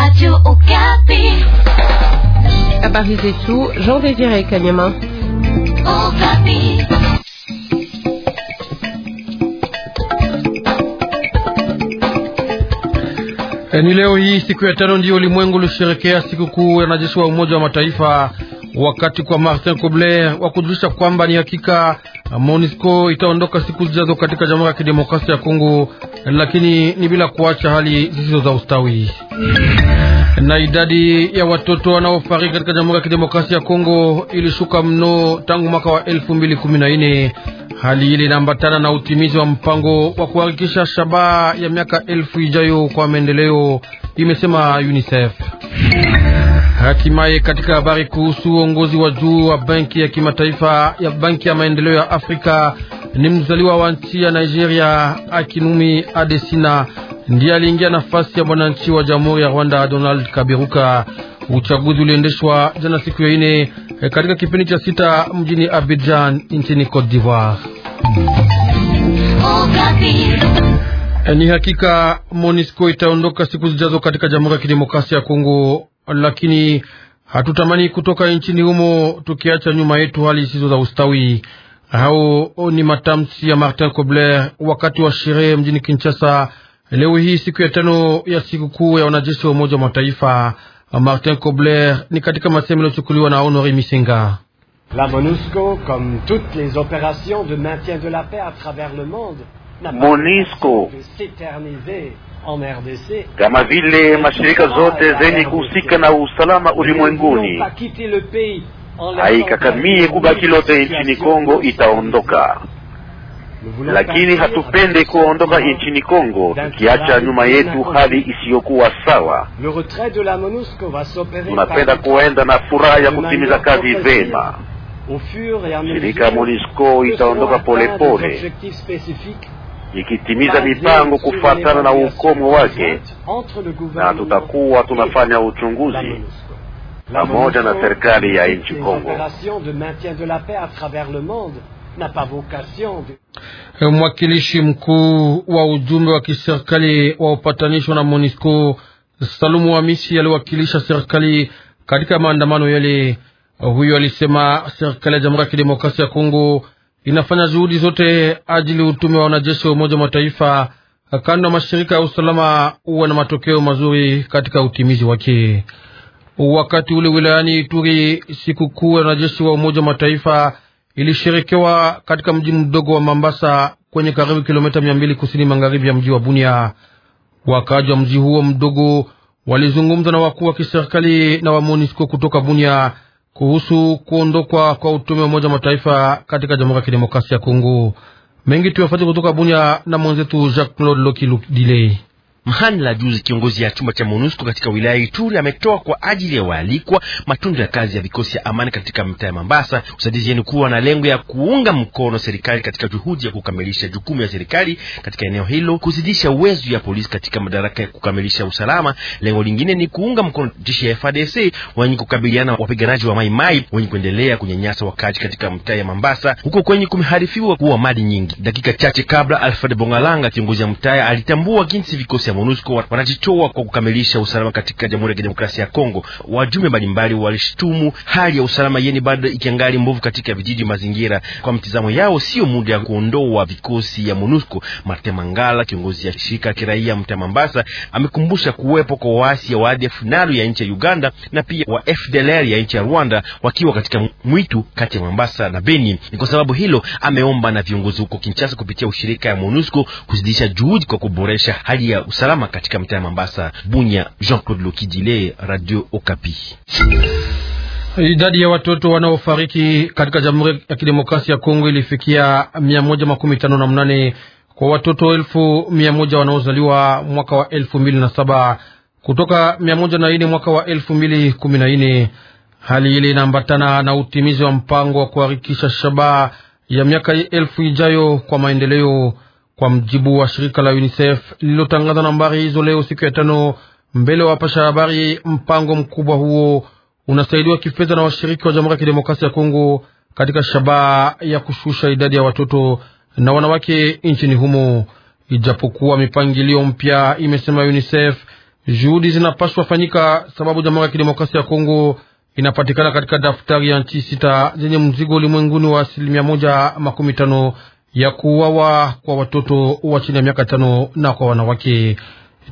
Radio Habari zetu Jean Désiré Kanyama. Eh, ni leo hii siku ya tano ndiyo ulimwengu ulisherekea sikukuu ya wanajeshi wa Umoja wa Mataifa wakati kwa Martin Kobler wa kujulisha kwamba ni hakika MONUSCO itaondoka siku zijazo katika Jamhuri ya Kidemokrasia ya Kongo, lakini ni bila kuacha hali zisizo za ustawi. Na idadi ya watoto wanaofariki katika Jamhuri ya Kidemokrasia ya Kongo ilishuka mno tangu mwaka wa 2014. Hali ile inaambatana na utimizi wa mpango wa kuhakikisha shabaha ya miaka elfu ijayo kwa maendeleo, imesema UNICEF. Hatimaye katika habari kuhusu uongozi wa juu wa benki ya kimataifa ya banki ya maendeleo ya Afrika, ni mzaliwa wa nchi ya Nigeria Akinumi Adesina ndiye aliingia nafasi ya mwananchi wa jamhuri ya Rwanda Donald Kabiruka. Uchaguzi uliendeshwa jana siku ya ine eh, katika kipindi cha sita mjini Abidjan nchini Cote d'Ivoire. Eh, ni hakika monisco itaondoka siku zijazo katika Jamhuri ya Kidemokrasia ya Kongo lakini hatutamani kutoka nchini humo tukiacha nyuma yetu hali zisizo za ustawi. Hao ni matamshi ya Martin Kobler wakati wa sherehe mjini Kinshasa leo hii siku ya tano ya sikukuu ya wanajeshi wa Umoja wa Mataifa. Martin Kobler ni katika masemo yaliyochukuliwa na Honori Misenga. La MONUSCO comme toutes les opérations de maintien de la paix à travers le monde MONUSCO kama vile mashirika zote zenye kuhusika na usalama ulimwenguni haikakamie kubaki lote nchini Kongo itaondoka, lakini hatupende kuondoka nchini Kongo tukiacha nyuma yetu hali isiyokuwa sawa. Tunapenda kuenda na furaha ya kutimiza kazi vema. Shirika MONUSCO itaondoka polepole pole ikitimiza mipango kufuatana na ukomo wake, na tutakuwa tunafanya uchunguzi pamoja na serikali ya nchi Kongo. Mwakilishi mkuu wa ujumbe wa kiserikali wa upatanisho na MONUSCO Salumu amisi aliwakilisha serikali katika maandamano yale. Huyo alisema serikali ya Jamhuri ya Kidemokrasia ya Kongo inafanya juhudi zote ajili utume wa wanajeshi wa Umoja wa Mataifa kando ya mashirika ya usalama uwe na matokeo mazuri katika utimizi wake. Wakati ule wilayani Ituri, sikukuu ya wanajeshi wa Umoja wa Mataifa ilisherekewa katika mji mdogo wa Mambasa kwenye karibu kilomita mia mbili kusini magharibi ya mji wa Bunia. Wakaaji wa mji huo mdogo walizungumza na wakuu wa kiserikali na wa MONUSCO kutoka Bunia kuhusu kuondokwa kwa utume wa Umoja wa Mataifa katika Jamhuri ya Kidemokrasia ya Kongo. Mengi tuyafati kutoka Bunya na mwenzetu Jacques Claude Lokiludile. Mhani la juzi kiongozi ya chumba cha MONUSCO katika wilaya ya Ituri ametoa kwa ajili ya waalikwa matunda ya kazi ya vikosi ya amani katika mtaa ya Mambasa usaidizi yenu kuwa na lengo ya kuunga mkono serikali katika juhudi ya kukamilisha jukumu ya serikali katika eneo hilo, kuzidisha uwezo ya polisi katika madaraka ya kukamilisha usalama. Lengo lingine ni kuunga mkono jeshi ya FARDC wenye kukabiliana wapiganaji wa maimai wenye kuendelea kunyanyasa wakati katika mtaa ya Mambasa huko kwenye kumeharifiwa kuwa mali nyingi. Dakika chache kabla, Alfred Bongalanga kiongozi ya mtaa alitambua jinsi vikosi ya MONUSCO wanajitoa kwa kukamilisha usalama katika Jamhuri ya Kidemokrasia ya Kongo. Wajumbe mbalimbali walishtumu hali ya usalama yeni bado ikiangali mbovu katika vijiji mazingira. Kwa mtizamo yao, sio muda ya kuondoa vikosi ya MONUSCO. Martin Mangala, kiongozi ya shirika kiraia mta Mambasa, amekumbusha kuwepo kwa waasi wa ADF NALU ya nchi ya Uganda na pia wa FDLR ya nchi ya Rwanda wakiwa katika mwitu kati ya Mombasa na Beni. Ni kwa sababu hilo ameomba na viongozi huko Kinshasa kupitia ushirika ya MONUSCO kuzidisha juhudi kwa kuboresha hali ya usalama usalama katika mitaa ya Mombasa. Bunya. Jean-Claude Lokidile, Radio Okapi. Idadi ya watoto wanaofariki katika Jamhuri ya Kidemokrasia ya Kongo ilifikia mia moja makumi tano na mnane kwa watoto elfu mia moja wanaozaliwa mwaka wa elfu mbili na saba kutoka mia moja na nne mwaka wa elfu mbili kumi na nne. Hali ile inaambatana na utimizi wa mpango wa kuharakisha shabaha ya miaka elfu ijayo kwa maendeleo kwa mjibu wa shirika la UNICEF lililotangaza nambari hizo leo siku ya tano mbele wa wapasha habari. Mpango mkubwa huo unasaidiwa kifedha na washiriki wa Jamhuri ya Kidemokrasia ya Kongo katika shabaha ya kushusha idadi ya watoto na wanawake nchini humo. Ijapokuwa mipangilio mpya imesema UNICEF, juhudi zinapaswa fanyika sababu Jamhuri ya Kidemokrasia ya Kongo inapatikana katika daftari ya nchi sita zenye mzigo ulimwenguni wa asilimia moja makumi tano ya kuuawa kwa watoto wa chini ya miaka tano na kwa wanawake.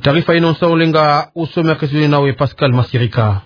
Taarifa inaonsa ulenga usome akesini nawe Pascal Masirika.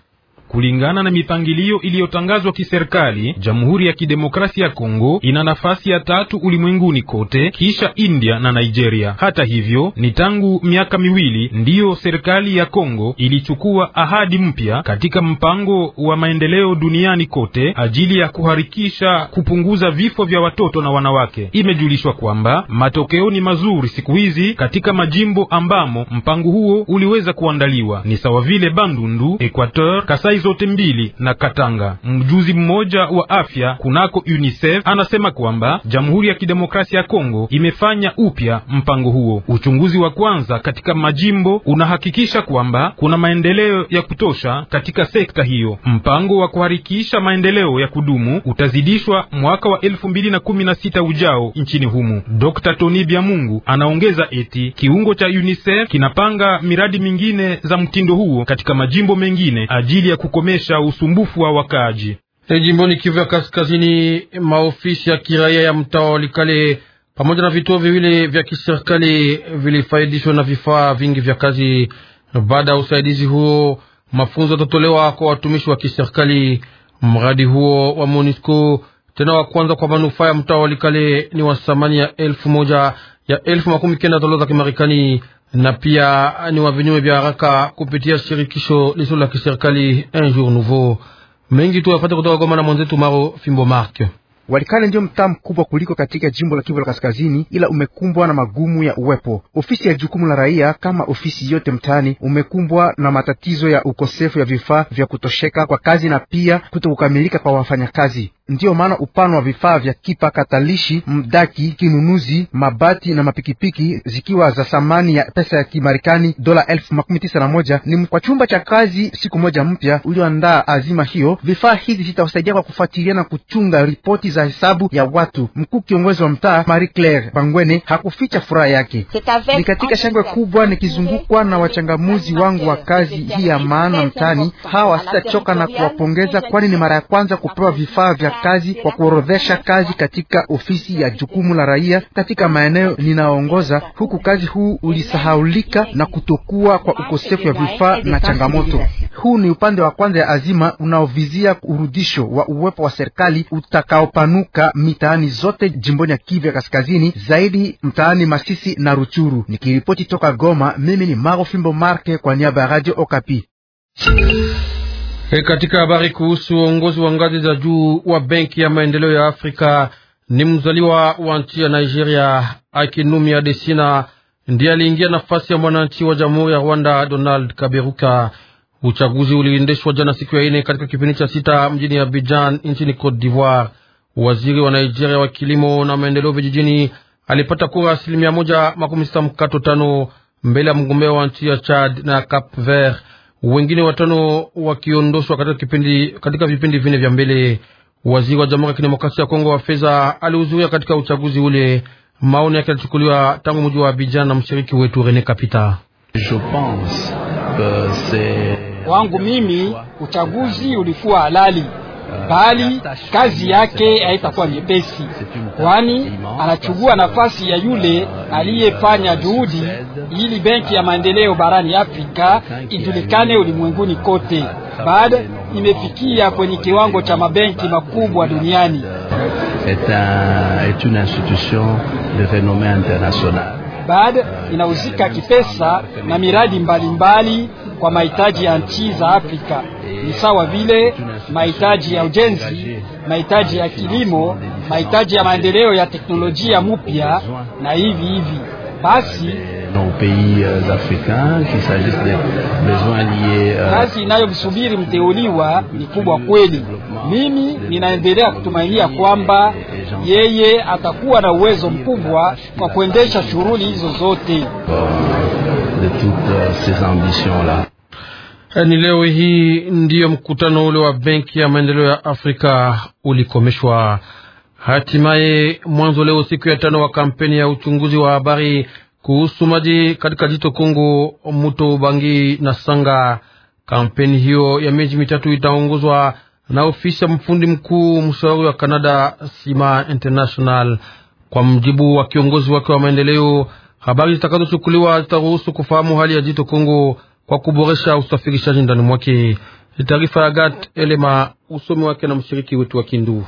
Kulingana na mipangilio iliyotangazwa kiserikali, Jamhuri ya Kidemokrasia ya Kongo ina nafasi ya tatu ulimwenguni kote kisha India na Nigeria. Hata hivyo, ni tangu miaka miwili ndiyo serikali ya Kongo ilichukua ahadi mpya katika mpango wa maendeleo duniani kote ajili ya kuharikisha kupunguza vifo vya watoto na wanawake. Imejulishwa kwamba matokeo ni mazuri siku hizi katika majimbo ambamo mpango huo uliweza kuandaliwa ni sawa vile Bandundu, Equateur, Kasai zote mbili na Katanga. Mjuzi mmoja wa afya kunako UNICEF anasema kwamba Jamhuri ya Kidemokrasia ya Kongo imefanya upya mpango huo. Uchunguzi wa kwanza katika majimbo unahakikisha kwamba kuna maendeleo ya kutosha katika sekta hiyo. Mpango wa kuharikisha maendeleo ya kudumu utazidishwa mwaka wa 2016 ujao nchini humu. Dr. Tony byamungu anaongeza eti kiungo cha UNICEF kinapanga miradi mingine za mtindo huo katika majimbo mengine ajili ya kukomesha usumbufu wa wakaaji. E, jimboni Kivu ya Kaskazini, maofisi ya kiraia ya mtaa wa pamoja na vituo viwili vya kiserikali vilifaidishwa na vifaa vingi vya kazi. Baada ya usaidizi huo, mafunzo yatatolewa kwa watumishi wa kiserikali. Mradi huo wa MONUSCO tena wa kwanza kwa manufaa ya mtaa wa Likale ni wa thamani ya elfu moja ya elfu makumi kenda dola za Kimarekani na pia ni wa vinyume vya haraka kupitia shirikisho lisilo la kiserikali un jour nouveau. Mengi tu yapate kutoka Goma na mwenzetu Maro Fimbo Mark. Walikale ndio mtaa mkubwa kuliko katika jimbo la Kivu la Kaskazini, ila umekumbwa na magumu ya uwepo ofisi ya jukumu la raia. Kama ofisi yote mtaani, umekumbwa na matatizo ya ukosefu ya vifaa vya kutosheka kwa kazi na pia kutokukamilika kwa wafanyakazi. Ndiyo maana upano wa vifaa vya kipakatalishi, mdaki, kinunuzi, mabati na mapikipiki zikiwa za thamani ya pesa ya Kimarekani dola elfu makumi tisa na moja ni kwa chumba cha kazi siku moja mpya ulioandaa azima hiyo. Vifaa hivi vitawasaidia kwa kufuatilia na kuchunga ripoti za hesabu ya watu. Mkuu kiongozi wa mtaa Marie Claire Bangwene hakuficha furaha yake. Ni katika shangwe kubwa nikizungukwa na wachangamuzi wangu wa kazi hii ya maana mtaani. Hawa sitachoka na kuwapongeza, kwani ni mara ya kwanza kupewa vifaa vya kazi kwa kuorodhesha kazi katika ofisi ya jukumu la raia katika maeneo ninaongoza, huku kazi huu ulisahaulika na kutokuwa kwa ukosefu wa vifaa na changamoto. Huu ni upande wa kwanza ya azima unaovizia urudisho wa uwepo wa serikali utakaopanuka mitaani zote jimboni ya Kivu ya Kaskazini, zaidi mtaani Masisi na Ruchuru. Nikiripoti toka Goma, mimi ni Maro Fimbo Marke kwa niaba ya Radio Okapi. E, katika habari kuhusu uongozi wa ngazi za juu wa benki ya maendeleo ya Afrika, ni mzaliwa wa nchi ya Nigeria Akinumi Adesina ndiye aliingia nafasi ya mwananchi wa jamhuri ya Rwanda Donald Kaberuka. Uchaguzi uliendeshwa jana siku ya ine katika kipindi cha sita mjini Abidjan nchini Cote d'Ivoire. Waziri wa Nigeria wa kilimo na maendeleo vijijini alipata kura asilimia moja makumi sita mkato tano mbele ya mgombea wa nchi ya Chad na Cap Vert wengine watano wakiondoshwa katika kipindi, katika vipindi vine vya mbele. Waziri wa Jamhuri ya Kidemokrasia ya Kongo wa fedha alihudhuria katika uchaguzi ule. Maoni yake yalichukuliwa tangu mji wa Abidjan na mshiriki wetu Rene Kapita. Je pense que wangu mimi uchaguzi ulikuwa halali bali kazi yake haitakuwa nyepesi, kwani anachukua nafasi ya yule aliyefanya juhudi ili benki ya maendeleo barani Afrika ijulikane ulimwenguni kote. Baada imefikia kwenye kiwango cha mabenki makubwa duniani. Baada inahusika kipesa na miradi mbalimbali mbali kwa mahitaji ya nchi za Afrika ni sawa vile mahitaji ya ujenzi, mahitaji ya kilimo, mahitaji ya maendeleo ya teknolojia mpya na hivi hivi basi kazi euh, euh, inayomsubiri mteuliwa ni kubwa kweli. Mimi ninaendelea kutumainia kwamba yeye atakuwa na uwezo mkubwa kwa kuendesha shughuli hizo zote. Euh, ni leo hii ndiyo mkutano ule wa Benki ya Maendeleo ya Afrika ulikomeshwa hatimaye mwanzo leo, siku ya tano wa kampeni ya uchunguzi wa habari kuhusu maji katika jito Kongo, mto Ubangi na Sanga. Kampeni hiyo ya miezi mitatu itaongozwa na ofisi ya mfundi mkuu mshauri wa Canada Sima International. Kwa mjibu wa kiongozi wake wa maendeleo, habari zitakazochukuliwa zitaruhusu kufahamu hali ya jito Kongo kwa kuboresha usafirishaji ndani mwake. Taarifa ya Gat Elema, usomi wake na mshiriki wetu wa Kindu.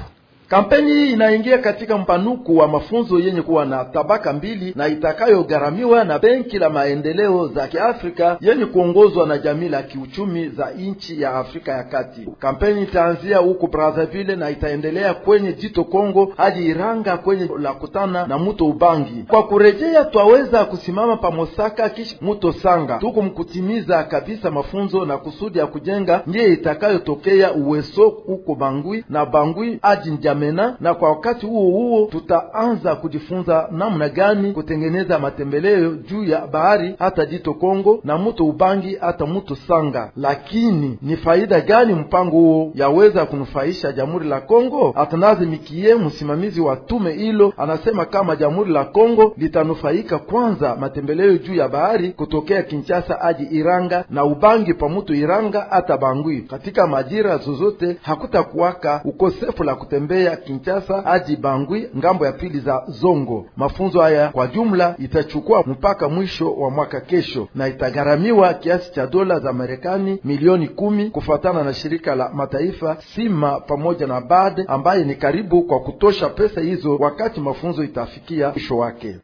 Kampeni hii inaingia katika mpanuko wa mafunzo yenye kuwa na tabaka mbili na itakayogharamiwa na Benki la Maendeleo za Kiafrika yenye kuongozwa na jamii la kiuchumi za nchi ya Afrika ya Kati. Kampeni itaanzia huko Brazzaville na itaendelea kwenye Jito Kongo hadi Iranga kwenye la kutana na mto Ubangi. Kwa kurejea, twaweza kusimama pa Mosaka kisha mto Sanga, tuku mkutimiza kabisa mafunzo na kusudi ya kujenga ndiye itakayotokea uweso huko Bangui na Bangui hadi mena, na kwa wakati huo huo tutaanza kujifunza namna gani kutengeneza matembeleo juu ya bahari hata jito Kongo na mto Ubangi hata mto Sanga. Lakini ni faida gani mpango huo yaweza kunufaisha jamhuri la Kongo? Atanazi Mikie, msimamizi wa tume hilo, anasema kama jamhuri la Kongo litanufaika kwanza matembeleo juu ya bahari kutokea Kinshasa aji Iranga na Ubangi pamuto Iranga hata Bangui. Katika majira zozote hakutakuwaka ukosefu la kutembea ya Kinshasa hadi Bangwi ngambo ya pili za Zongo. Mafunzo haya kwa jumla itachukua mpaka mwisho wa mwaka kesho, na itagharamiwa kiasi cha dola za Marekani milioni kumi kufuatana na shirika la mataifa Sima pamoja na BAD ambaye ni karibu kwa kutosha pesa hizo wakati mafunzo itafikia mwisho wake.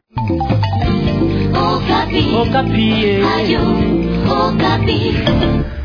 Okapi. Okapi. Eh. Ayu, Okapi.